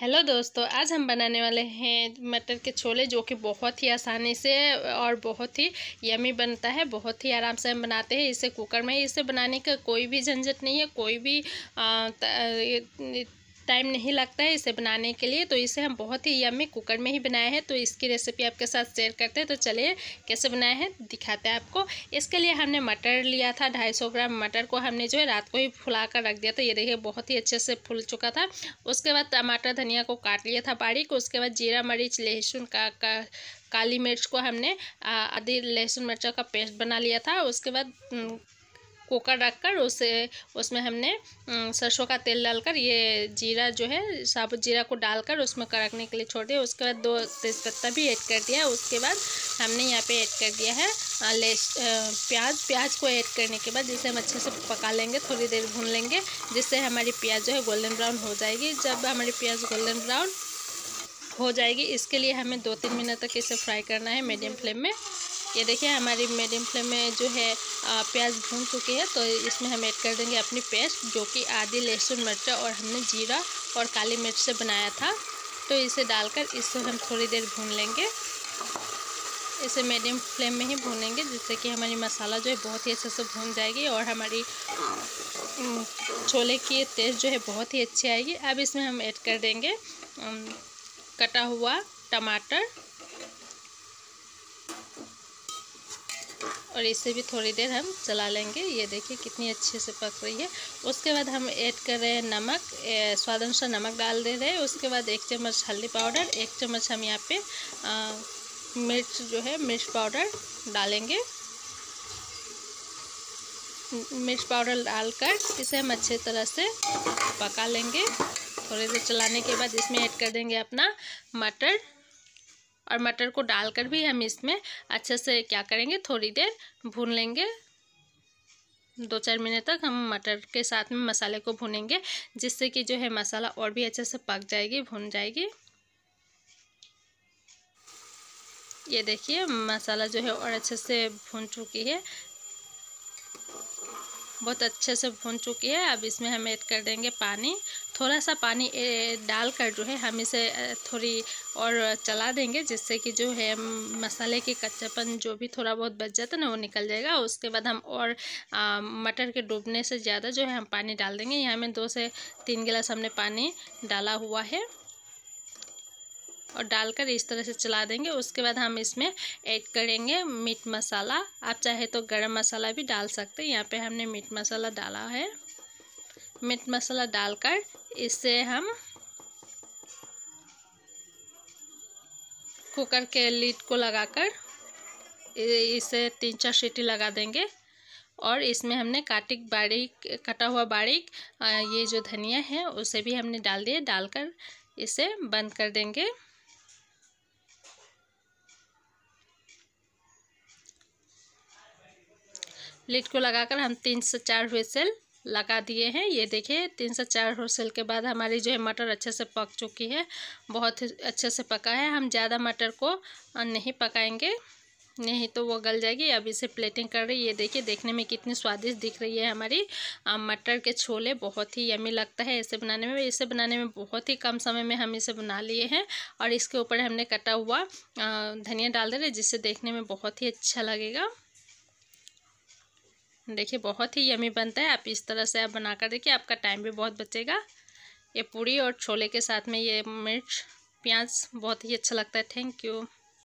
hello दोस्तों आज हम बनाने वाले हैं मटर के छोले जो कि बहुत ही आसानी से और बहुत ही यमी बनता है बहुत ही आराम से हम बनाते हैं इसे कुकर में इसे बनाने का कोई भी झंझट नहीं है कोई भी आ, त, टाइम नहीं लगता है इसे बनाने के लिए तो इसे हम बहुत ही यम्मी कुकर में ही बनाए हैं तो इसकी रेसिपी आपके साथ शेयर करते हैं तो चलिए कैसे बनाए हैं दिखाते हैं आपको इसके लिए हमने मटर लिया था ढाई ग्राम मटर को हमने जो है रात को ही फुला कर रख दिया था ये देखिए बहुत ही अच्छे से फूल चुका था उसके बाद टमाटर धनिया को काट लिया था बारीक उसके बाद जीरा मरीच लहसुन का, का काली मिर्च को हमने आधी लहसुन मिर्चा का पेस्ट बना लिया था उसके बाद कोकर रख कर उसे उसमें हमने सरसों का तेल डालकर ये जीरा जो है साबुत जीरा को डालकर उसमें कड़कने के लिए छोड़ दिया उसके बाद दो तेज़पत्ता भी ऐड कर दिया उसके बाद हमने यहाँ पे ऐड कर दिया है लेस प्याज प्याज को ऐड करने के बाद जिसे हम अच्छे से पका लेंगे थोड़ी देर भून लेंगे जिससे हमारी प्याज जो है गोल्डन ब्राउन हो जाएगी जब हमारी प्याज गोल्डन ब्राउन हो जाएगी इसके लिए हमें दो तीन मिनट तक इसे फ्राई करना है मीडियम फ्लेम में ये देखिए हमारी मीडियम फ्लेम में जो है प्याज भून चुकी है तो इसमें हम ऐड कर देंगे अपनी पेस्ट जो कि आधी लहसुन मिर्चा और हमने जीरा और काली मिर्च से बनाया था तो इसे डालकर इसको हम थोड़ी देर भून लेंगे इसे मीडियम फ्लेम में ही भूनेंगे जिससे कि हमारी मसाला जो है बहुत ही अच्छे से भून जाएगी और हमारी छोले की टेस्ट जो है बहुत ही अच्छी आएगी अब इसमें हम ऐड कर देंगे कटा हुआ टमाटर और इसे भी थोड़ी देर हम चला लेंगे ये देखिए कितनी अच्छे से पक रही है उसके बाद हम ऐड कर रहे हैं नमक स्वाद अनुसार नमक डाल दे रहे हैं उसके बाद एक चम्मच हल्दी पाउडर एक चम्मच हम यहाँ पे आ, मिर्च जो है मिर्च पाउडर डालेंगे मिर्च पाउडर डालकर इसे हम अच्छे तरह से पका लेंगे थोड़ी देर चलाने के बाद इसमें ऐड कर देंगे अपना मटर और मटर को डालकर भी हम इसमें अच्छे से क्या करेंगे थोड़ी देर भून लेंगे दो चार मिनट तक हम मटर के साथ में मसाले को भूनेंगे जिससे कि जो है मसाला और भी अच्छे से पक जाएगी भून जाएगी ये देखिए मसाला जो है और अच्छे से भून चुकी है बहुत अच्छे से भून चुकी है अब इसमें हम ऐड कर देंगे पानी थोड़ा सा पानी डाल कर जो है हम इसे थोड़ी और चला देंगे जिससे कि जो है मसाले के कच्चापन जो भी थोड़ा बहुत बच जाता है ना वो निकल जाएगा उसके बाद हम और मटर के डूबने से ज़्यादा जो है हम पानी डाल देंगे यहाँ में दो से तीन गिलास हमने पानी डाला हुआ है और डालकर इस तरह से चला देंगे उसके बाद हम इसमें ऐड करेंगे मीट मसाला आप चाहे तो गरम मसाला भी डाल सकते हैं यहाँ पे हमने मीट मसाला डाला है मीट मसाला डालकर इसे हम कुकर के लीड को लगाकर इसे तीन चार सीटी लगा देंगे और इसमें हमने काटिक बारीक कटा हुआ बारीक ये जो धनिया है उसे भी हमने डाल दिया डालकर इसे बंद कर देंगे लीड को लगाकर हम तीन से चार हुएसेल लगा दिए हैं ये देखिए तीन से चार सेल के बाद हमारी जो है मटर अच्छे से पक चुकी है बहुत अच्छे से पका है हम ज़्यादा मटर को नहीं पकाएंगे नहीं तो वो गल जाएगी अब इसे प्लेटिंग कर रही है ये देखिए देखने में कितनी स्वादिष्ट दिख रही है हमारी मटर के छोले बहुत ही यमी लगता है इसे बनाने में इसे बनाने में बहुत ही कम समय में हम इसे बना लिए हैं और इसके ऊपर हमने कटा हुआ धनिया डाल दे रहे जिससे देखने में बहुत ही अच्छा लगेगा देखिए बहुत ही यमी बनता है आप इस तरह से आप बनाकर देखिए आपका टाइम भी बहुत बचेगा ये पूड़ी और छोले के साथ में ये मिर्च प्याज बहुत ही अच्छा लगता है थैंक यू